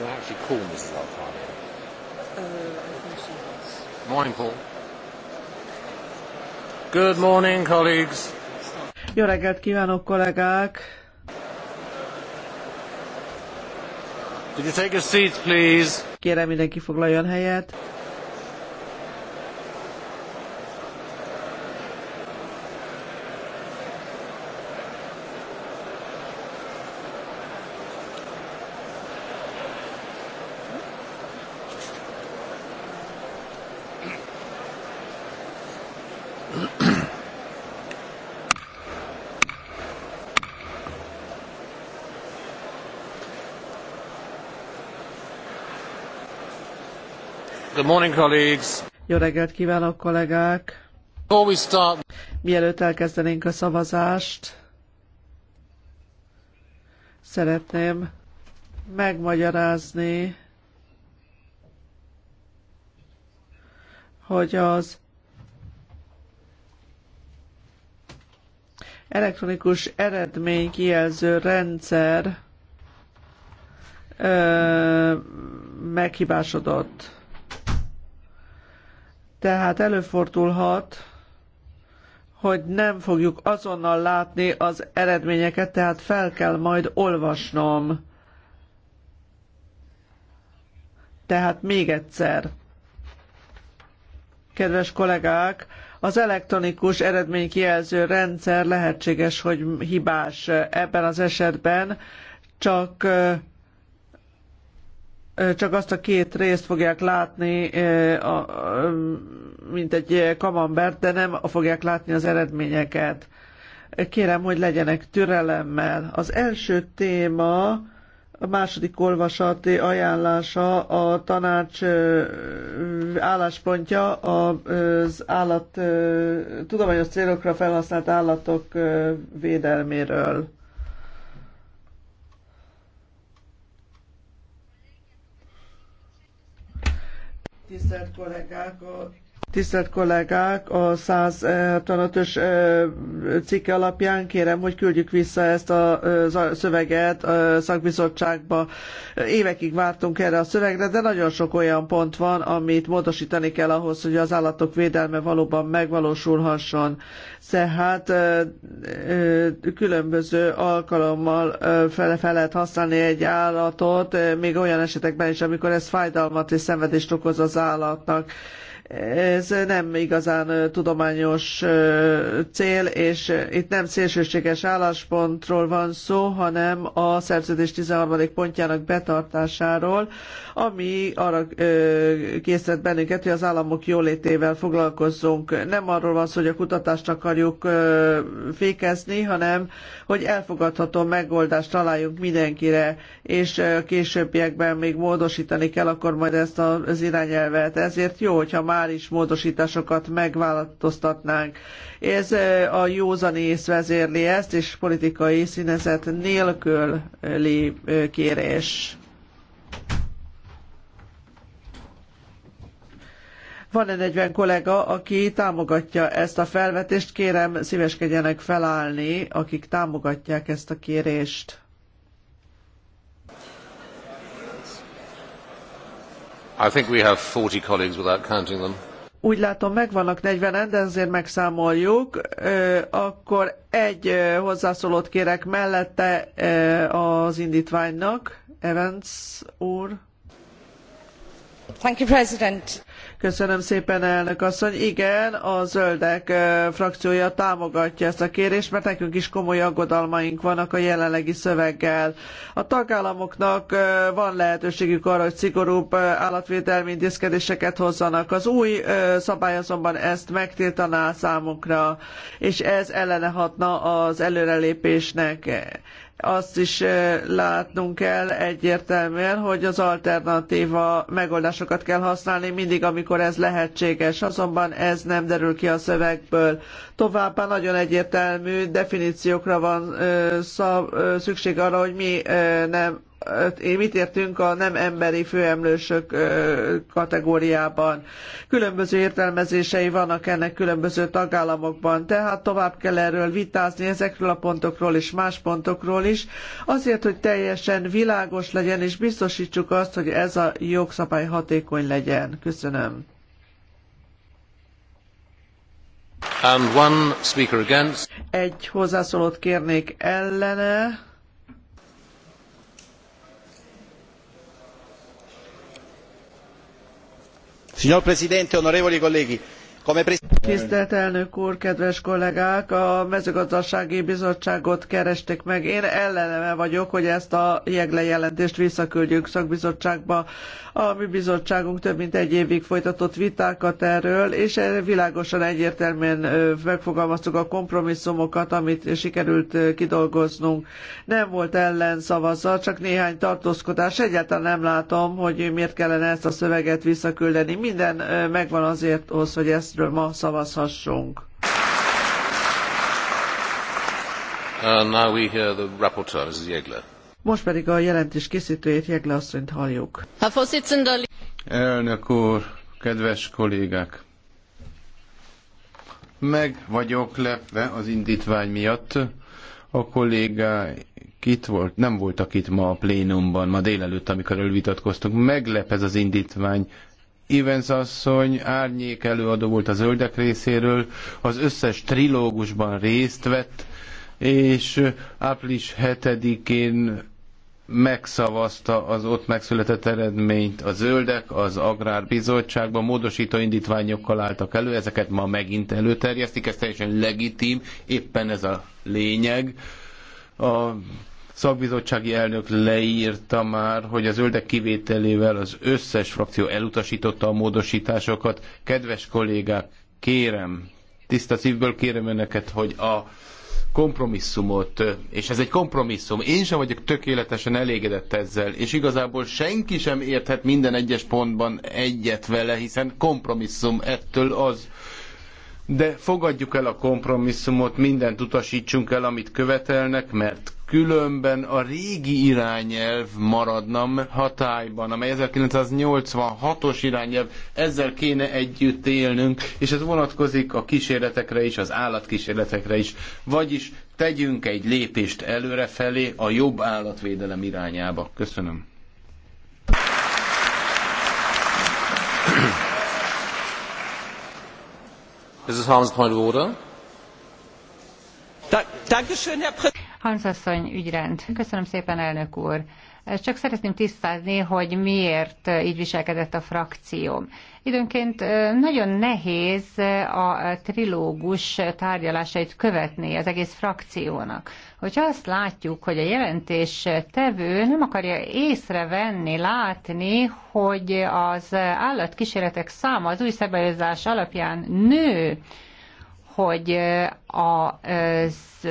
You'll actually call Mrs. Alfani. Uh, I think she Morning, Paul. Good morning, colleagues. Jó reggelt kívánok, kollégák! Could you take a seat, please? Kérem, mindenki foglaljon helyet. Jó reggelt kívánok, kollégák! Mielőtt elkezdenénk a szavazást, szeretném megmagyarázni, hogy az elektronikus eredménykijelző rendszer ö, meghibásodott. Tehát előfordulhat, hogy nem fogjuk azonnal látni az eredményeket, tehát fel kell majd olvasnom. Tehát még egyszer, kedves kollégák, az elektronikus eredménykijelző rendszer lehetséges, hogy hibás ebben az esetben, csak csak azt a két részt fogják látni, mint egy kamambert, de nem fogják látni az eredményeket. Kérem, hogy legyenek türelemmel. Az első téma, a második olvasati ajánlása, a tanács álláspontja az állat, tudományos célokra felhasznált állatok védelméről. tisztelt kollégák! A Tisztelt kollégák, a 165 eh, ös eh, cikke alapján kérem, hogy küldjük vissza ezt a eh, szöveget a szakbizottságba. Évekig vártunk erre a szövegre, de nagyon sok olyan pont van, amit módosítani kell ahhoz, hogy az állatok védelme valóban megvalósulhasson. Tehát különböző alkalommal fel, fel lehet használni egy állatot, még olyan esetekben is, amikor ez fájdalmat és szenvedést okoz az állatnak ez nem igazán tudományos cél, és itt nem szélsőséges álláspontról van szó, hanem a szerződés 13. pontjának betartásáról, ami arra készített bennünket, hogy az államok jólétével foglalkozzunk. Nem arról van szó, hogy a kutatást akarjuk fékezni, hanem hogy elfogadható megoldást találjunk mindenkire, és későbbiekben még módosítani kell, akkor majd ezt az irányelvet. Ezért jó, hogyha már strukturális módosításokat megváltoztatnánk. Ez a józan ész vezérli ezt, és politikai színezet nélküli kérés. Van-e 40 kollega, aki támogatja ezt a felvetést? Kérem, szíveskedjenek felállni, akik támogatják ezt a kérést. I think we have 40 colleagues without counting them. Úgy látom, megvannak 40-en, de ezért megszámoljuk. Akkor egy hozzászólót kérek mellette az indítványnak. Evans úr. Thank you, President Köszönöm szépen, elnök asszony. Igen, a zöldek frakciója támogatja ezt a kérést, mert nekünk is komoly aggodalmaink vannak a jelenlegi szöveggel. A tagállamoknak van lehetőségük arra, hogy szigorúbb állatvédelmi intézkedéseket hozzanak. Az új szabály azonban ezt megtiltaná számunkra, és ez ellene hatna az előrelépésnek azt is látnunk kell egyértelműen, hogy az alternatíva megoldásokat kell használni mindig, amikor ez lehetséges. Azonban ez nem derül ki a szövegből. Továbbá nagyon egyértelmű definíciókra van szükség arra, hogy mi nem mit értünk a nem emberi főemlősök kategóriában. Különböző értelmezései vannak ennek különböző tagállamokban, tehát tovább kell erről vitázni ezekről a pontokról és más pontokról is, azért, hogy teljesen világos legyen, és biztosítsuk azt, hogy ez a jogszabály hatékony legyen. Köszönöm. Egy hozzászólót kérnék ellene. signor presidente onorevoli colleghi come presidente Tisztelt elnök úr, kedves kollégák! A mezőgazdasági bizottságot kerestek meg. Én elleneme vagyok, hogy ezt a jegle jelentést visszaküldjük szakbizottságba. A mi bizottságunk több mint egy évig folytatott vitákat erről, és világosan egyértelműen megfogalmaztuk a kompromisszumokat, amit sikerült kidolgoznunk. Nem volt ellenszavazat, csak néhány tartózkodás. Egyáltalán nem látom, hogy miért kellene ezt a szöveget visszaküldeni. Minden megvan azért, hogy eztről ma szavazunk szavazhassunk. Uh, now we hear the rapporteur, Mrs. Jegler. Most pedig a jelentés készítőjét, Jegle asszonyt halljuk. Elnök úr, kedves kollégák! Meg vagyok lepve az indítvány miatt. A kollégák itt volt, nem voltak itt ma a plénumban, ma délelőtt, amikor elvitatkoztunk. Meglep ez az indítvány. Évens asszony árnyék előadó volt a zöldek részéről, az összes trilógusban részt vett, és április 7-én megszavazta az ott megszületett eredményt. A zöldek az Agrárbizottságban módosító indítványokkal álltak elő, ezeket ma megint előterjesztik, ez teljesen legitim, éppen ez a lényeg. A szakbizottsági elnök leírta már, hogy a zöldek kivételével az összes frakció elutasította a módosításokat. Kedves kollégák, kérem, tiszta szívből kérem önöket, hogy a kompromisszumot, és ez egy kompromisszum, én sem vagyok tökéletesen elégedett ezzel, és igazából senki sem érthet minden egyes pontban egyet vele, hiszen kompromisszum ettől az. De fogadjuk el a kompromisszumot, mindent utasítsunk el, amit követelnek, mert különben a régi irányelv maradna hatályban, amely 1986-os irányelv, ezzel kéne együtt élnünk, és ez vonatkozik a kísérletekre is, az állatkísérletekre is. Vagyis tegyünk egy lépést előrefelé a jobb állatvédelem irányába. Köszönöm. Ez Harms, point of order. schön, Herr Präsident. Hansasszony ügyrend. Köszönöm szépen, elnök úr. Csak szeretném tisztázni, hogy miért így viselkedett a frakció. Időnként nagyon nehéz a trilógus tárgyalásait követni az egész frakciónak. Hogyha azt látjuk, hogy a jelentés tevő nem akarja észrevenni, látni, hogy az állatkísérletek száma az új szabályozás alapján nő, hogy a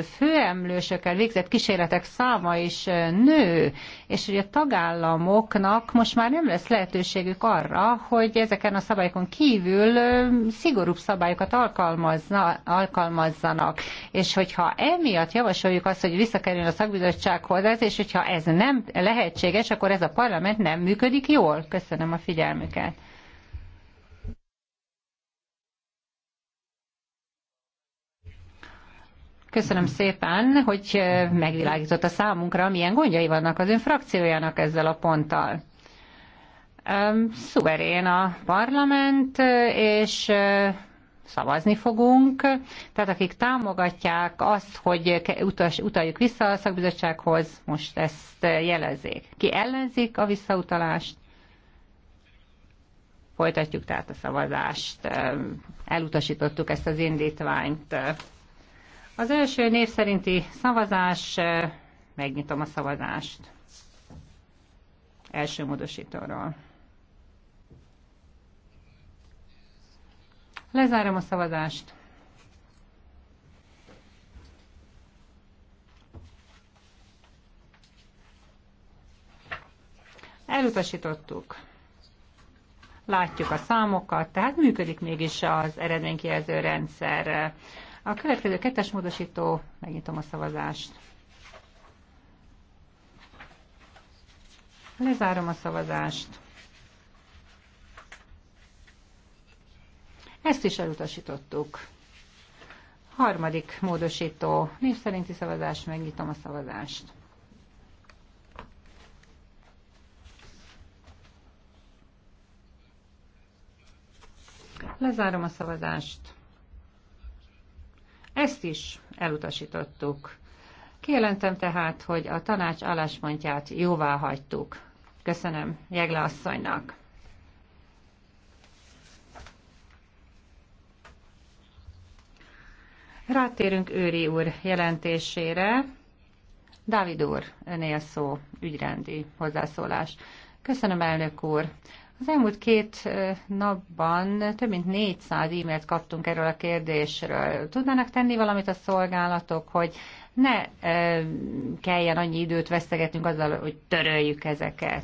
főemlősökkel végzett kísérletek száma is nő, és hogy a tagállamoknak most már nem lesz lehetőségük arra, hogy ezeken a szabályokon kívül szigorúbb szabályokat alkalmazna, alkalmazzanak. És hogyha emiatt javasoljuk azt, hogy visszakerül a szakbizottsághoz ez, és hogyha ez nem lehetséges, akkor ez a parlament nem működik jól. Köszönöm a figyelmüket. Köszönöm szépen, hogy megvilágította számunkra, milyen gondjai vannak az ön frakciójának ezzel a ponttal. Szuverén a parlament, és szavazni fogunk. Tehát akik támogatják azt, hogy utas, utaljuk vissza a szakbizottsághoz, most ezt jelezzék. Ki ellenzik a visszautalást? Folytatjuk tehát a szavazást. Elutasítottuk ezt az indítványt. Az első név szerinti szavazás, megnyitom a szavazást. Első módosítóról. Lezárom a szavazást. Elutasítottuk. Látjuk a számokat, tehát működik mégis az eredménykijelző rendszer. A következő kettes módosító, megnyitom a szavazást. Lezárom a szavazást. Ezt is elutasítottuk. Harmadik módosító, név szerinti szavazás, megnyitom a szavazást. Lezárom a szavazást. Ezt is elutasítottuk. Kijelentem tehát, hogy a tanács álláspontját jóvá hagytuk. Köszönöm Jegle asszonynak. Rátérünk Őri úr jelentésére. Dávid úr, önél szó, ügyrendi hozzászólás. Köszönöm, elnök úr. Az elmúlt két napban több mint 400 e-mailt kaptunk erről a kérdésről. Tudnának tenni valamit a szolgálatok, hogy ne kelljen annyi időt vesztegetnünk azzal, hogy töröljük ezeket?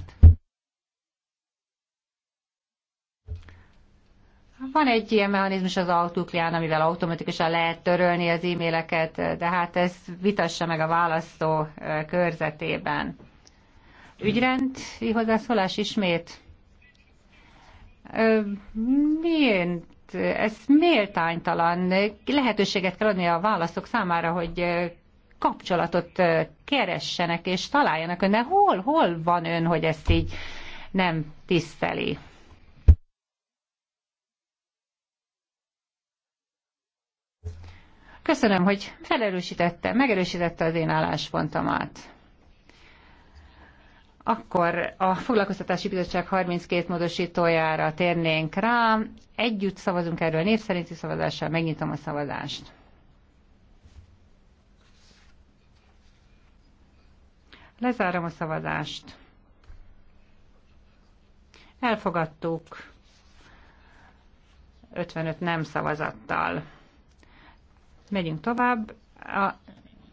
Van egy ilyen mechanizmus az autóklián, amivel automatikusan lehet törölni az e-maileket, de hát ez vitassa meg a választó körzetében. Ügyrend, hozzászólás ismét? miért ez méltánytalan? Lehetőséget kell adni a válaszok számára, hogy kapcsolatot keressenek és találjanak önne. Hol, hol van ön, hogy ezt így nem tiszteli? Köszönöm, hogy felerősítette, megerősítette az én álláspontomat akkor a Foglalkoztatási Bizottság 32 módosítójára térnénk rá. Együtt szavazunk erről név szerinti szavazással. Megnyitom a szavazást. Lezárom a szavazást. Elfogadtuk 55 nem szavazattal. Megyünk tovább. A,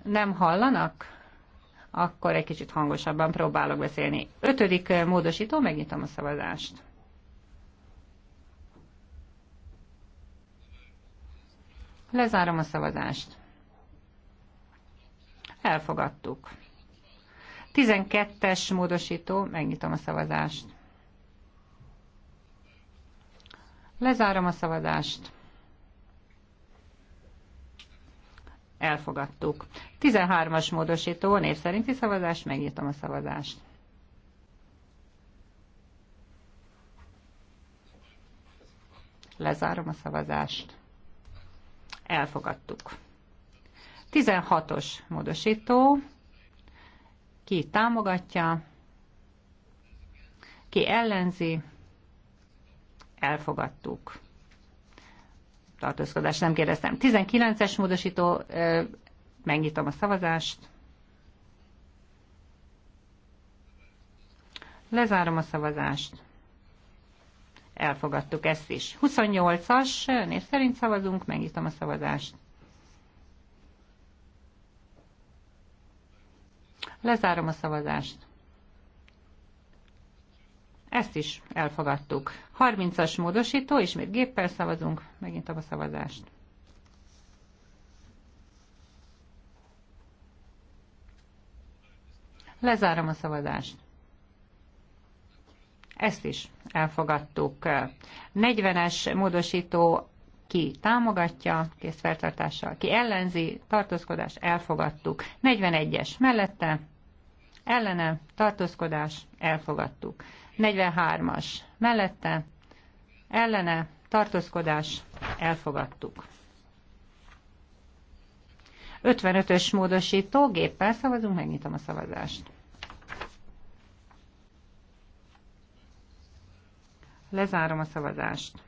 nem hallanak? akkor egy kicsit hangosabban próbálok beszélni. Ötödik eh, módosító, megnyitom a szavazást. Lezárom a szavazást. Elfogadtuk. 12-es módosító, megnyitom a szavazást. Lezárom a szavazást. elfogadtuk. 13-as módosító név szerinti szavazás, megnyitom a szavazást. Lezárom a szavazást. Elfogadtuk. 16-os módosító. Ki támogatja? Ki ellenzi? Elfogadtuk tartózkodás nem kérdeztem. 19-es módosító, megnyitom a szavazást. Lezárom a szavazást. Elfogadtuk ezt is. 28-as, név szerint szavazunk, megnyitom a szavazást. Lezárom a szavazást. Ezt is elfogadtuk. 30-as módosító, ismét géppel szavazunk, megint a szavazást. Lezárom a szavazást. Ezt is elfogadtuk. 40-es módosító ki támogatja, kész feltartással, ki ellenzi, tartózkodás, elfogadtuk. 41-es mellette, ellene, tartózkodás, elfogadtuk. 43-as mellette ellene tartózkodás elfogadtuk. 55-ös módosító, géppel szavazunk, megnyitom a szavazást. Lezárom a szavazást.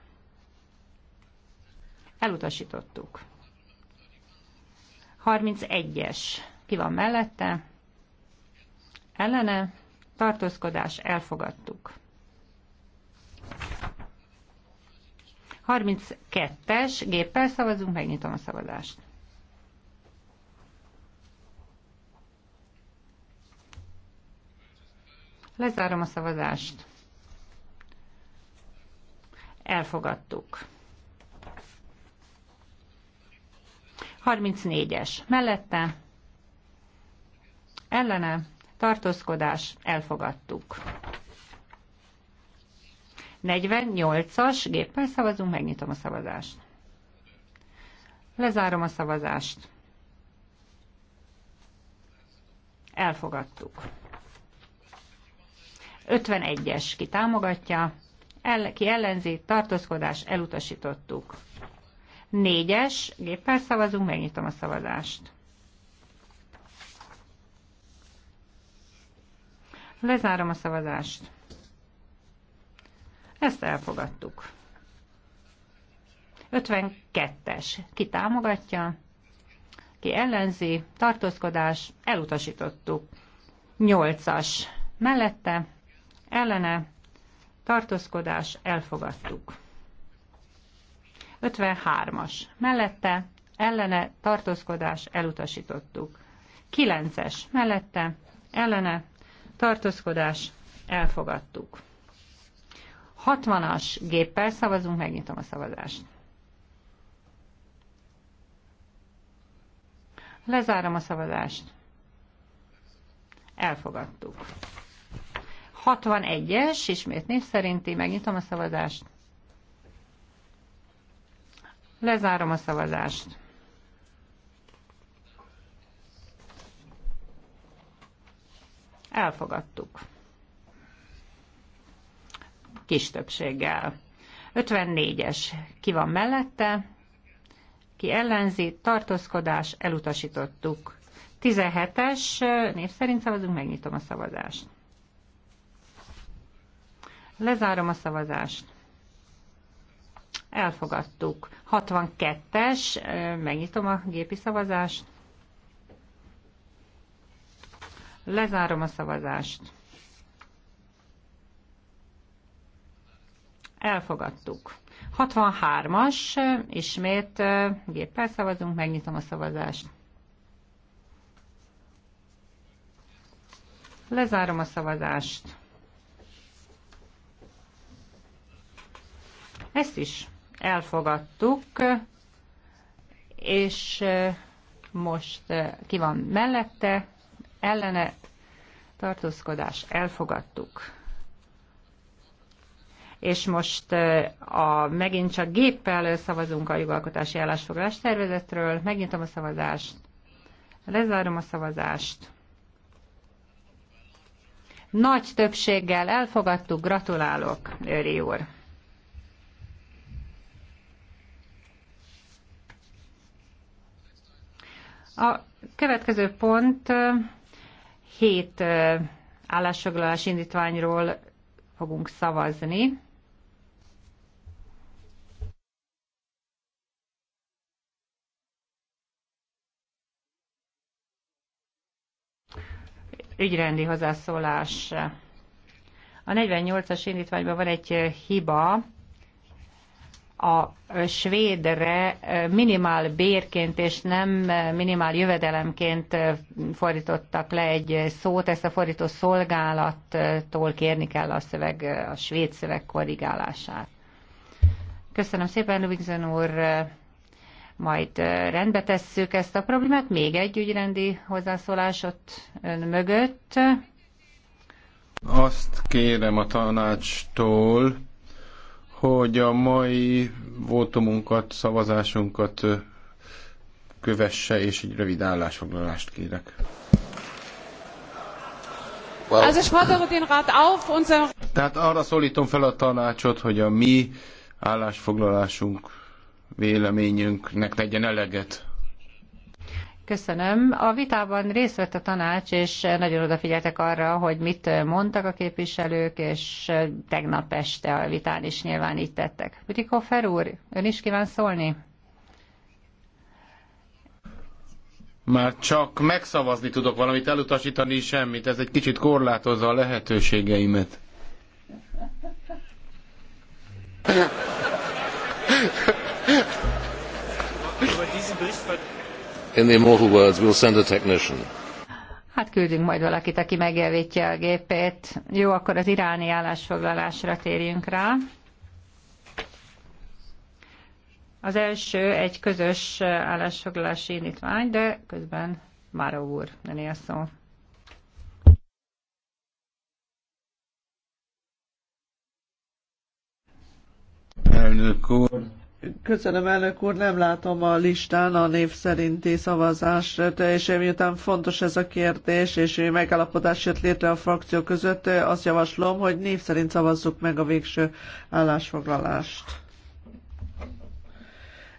Elutasítottuk. 31-es. Ki van mellette? Ellene? tartózkodás elfogadtuk. 32-es géppel szavazunk, megnyitom a szavazást. Lezárom a szavazást. Elfogadtuk. 34-es. Mellette. Ellene tartózkodás, elfogadtuk. 48-as géppel szavazunk, megnyitom a szavazást. Lezárom a szavazást. Elfogadtuk. 51-es ki támogatja, el, ki ellenzi, tartózkodás, elutasítottuk. 4-es géppel szavazunk, megnyitom a szavazást. Lezárom a szavazást. Ezt elfogadtuk. 52-es. Ki támogatja? Ki ellenzi? Tartózkodás. Elutasítottuk. 8-as. Mellette. Ellene. Tartózkodás. Elfogadtuk. 53-as. Mellette. Ellene. Tartózkodás. Elutasítottuk. 9-es. Mellette. Ellene tartózkodás, elfogadtuk. 60-as géppel szavazunk, megnyitom a szavazást. Lezárom a szavazást. Elfogadtuk. 61-es, ismét név szerinti, megnyitom a szavazást. Lezárom a szavazást. Elfogadtuk. Kis többséggel. 54-es. Ki van mellette? Ki ellenzi? Tartózkodás. Elutasítottuk. 17-es. Név szerint szavazunk. Megnyitom a szavazást. Lezárom a szavazást. Elfogadtuk. 62-es, megnyitom a gépi szavazást. Lezárom a szavazást. Elfogadtuk. 63-as, ismét géppel szavazunk, megnyitom a szavazást. Lezárom a szavazást. Ezt is elfogadtuk, és most ki van mellette, ellene tartózkodás elfogadtuk. És most a, megint csak géppel szavazunk a jogalkotási állásfoglalás tervezetről. Megnyitom a szavazást. Lezárom a szavazást. Nagy többséggel elfogadtuk, gratulálok, Őri úr! A következő pont hét állásfoglalás indítványról fogunk szavazni. Ügyrendi hozzászólás. A 48-as indítványban van egy hiba, a svédre minimál bérként és nem minimál jövedelemként fordítottak le egy szót, ezt a fordító szolgálattól kérni kell a szöveg, a svéd szöveg korrigálását. Köszönöm szépen, Ludvigsen úr, majd rendbe tesszük ezt a problémát. Még egy ügyrendi hozzászólás ott ön mögött. Azt kérem a tanácstól, hogy a mai voltomunkat, szavazásunkat kövesse, és egy rövid állásfoglalást kérek. Tehát arra szólítom fel a tanácsot, hogy a mi állásfoglalásunk, véleményünknek legyen eleget Köszönöm. A vitában részt vett a tanács, és nagyon odafigyeltek arra, hogy mit mondtak a képviselők, és tegnap este a vitán is nyilván így tettek. Bütikofer úr, ön is kíván szólni? Már csak megszavazni tudok valamit, elutasítani semmit. Ez egy kicsit korlátozza a lehetőségeimet. Über diesen Bericht in the immortal words, we'll send a technician. Hát küldünk majd valakit, aki megjavítja a gépét. Jó, akkor az iráni állásfoglalásra térjünk rá. Az első egy közös állásfoglalási indítvány, de közben Máró úr, nem a szó. Elnök úr, Köszönöm, elnök úr, nem látom a listán a név szerinti szavazást, és miután fontos ez a kérdés, és megállapodás jött létre a frakció között, azt javaslom, hogy név szerint szavazzuk meg a végső állásfoglalást.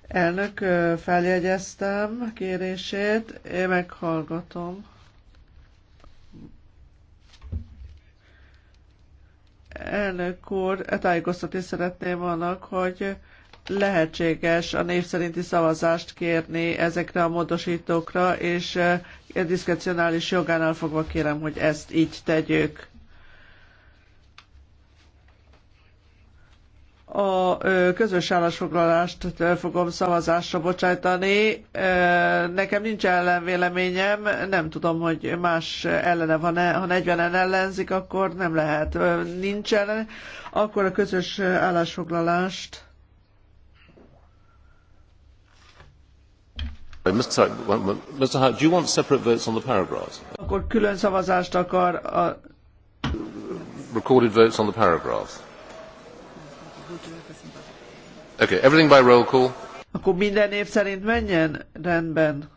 Elnök, feljegyeztem kérését, én meghallgatom. Elnök úr, tájékoztatni szeretném annak, hogy lehetséges a név szerinti szavazást kérni ezekre a módosítókra, és eh, a diszkrecionális jogánál fogva kérem, hogy ezt így tegyük. a közös állásfoglalást fogom szavazásra bocsájtani. Nekem nincs ellenvéleményem, nem tudom, hogy más ellene van-e. Ha 40-en ellenzik, akkor nem lehet. Nincs ellen. Akkor a közös állásfoglalást Mr. Howe, do you want separate votes on the paragraphs? Akkor külön szavazást akar a... Recorded votes on the paragraphs. Okay, everything by roll call. Akkor minden év szerint menjen? Rendben.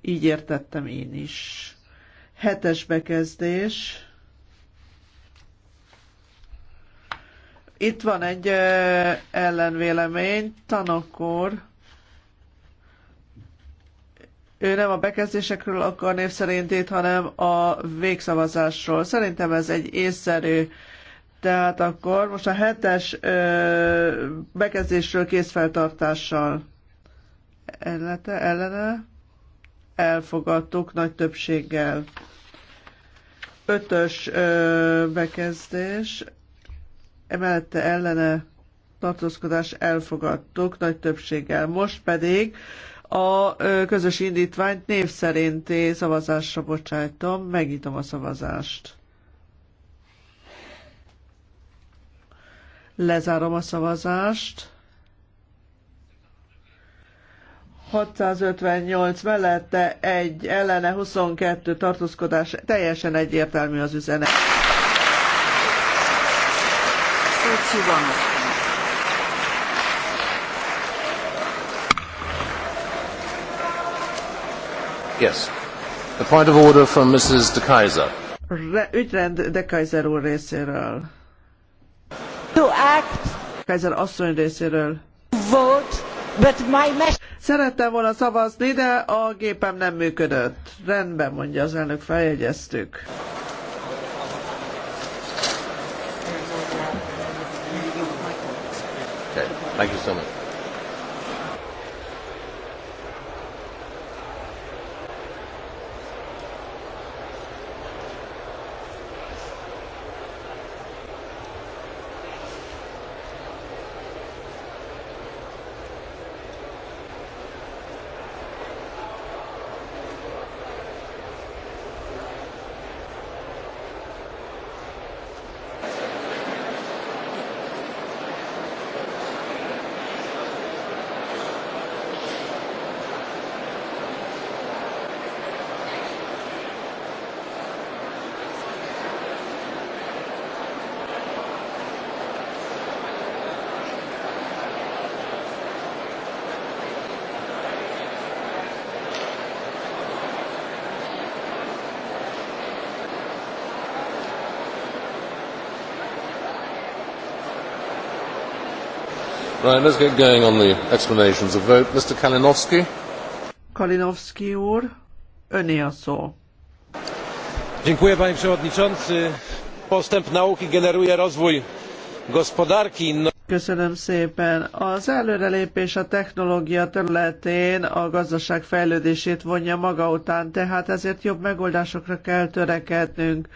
Így értettem én is. Hetes bekezdés. Itt van egy eh, ellenvélemény, tanakor ő nem a bekezdésekről akar név itt, hanem a végszavazásról. Szerintem ez egy észszerű tehát akkor most a hetes ö, bekezdésről készfeltartással ellete, ellene elfogadtuk nagy többséggel. Ötös ö, bekezdés emellette ellene tartózkodás elfogadtuk nagy többséggel. Most pedig a közös indítványt név szerinti szavazásra bocsájtom, megnyitom a szavazást. Lezárom a szavazást. 658 mellette egy ellene 22 tartózkodás, teljesen egyértelmű az üzenet. Köszönöm. Szóval Yes. A point of order from Mrs. De Kaiser. Re- ügyrend De Kaiser úr részéről. To act. Kaiser asszony részéről. Vote, but my Szerettem volna szavazni, de a gépem nem működött. Rendben, mondja az elnök, feljegyeztük. Okay. Thank you so much. Kalinowski. Kalinowski úr, öné a szó. Dziękuję panie przewodniczący. Postęp nauki generuje rozwój gospodarki. Köszönöm szépen. Az előrelépés a technológia területén a gazdaság fejlődését vonja maga után, tehát ezért jobb megoldásokra kell törekednünk.